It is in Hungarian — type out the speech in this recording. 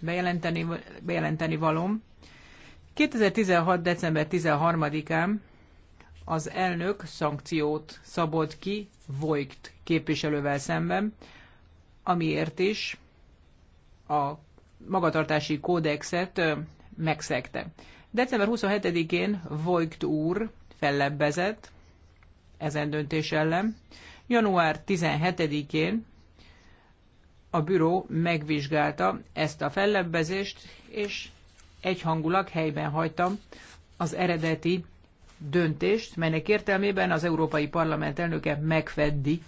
bejelenteni, bejelenteni valom. 2016. december 13-án az elnök szankciót szabott ki voigt képviselővel szemben, amiért is a magatartási kódexet megszegte. December 27-én voigt úr fellebbezett ezen döntés ellen. Január 17-én a büró megvizsgálta ezt a fellebbezést, és egyhangulag helyben hagyta az eredeti döntést, melynek értelmében az Európai Parlament elnöke megfeddi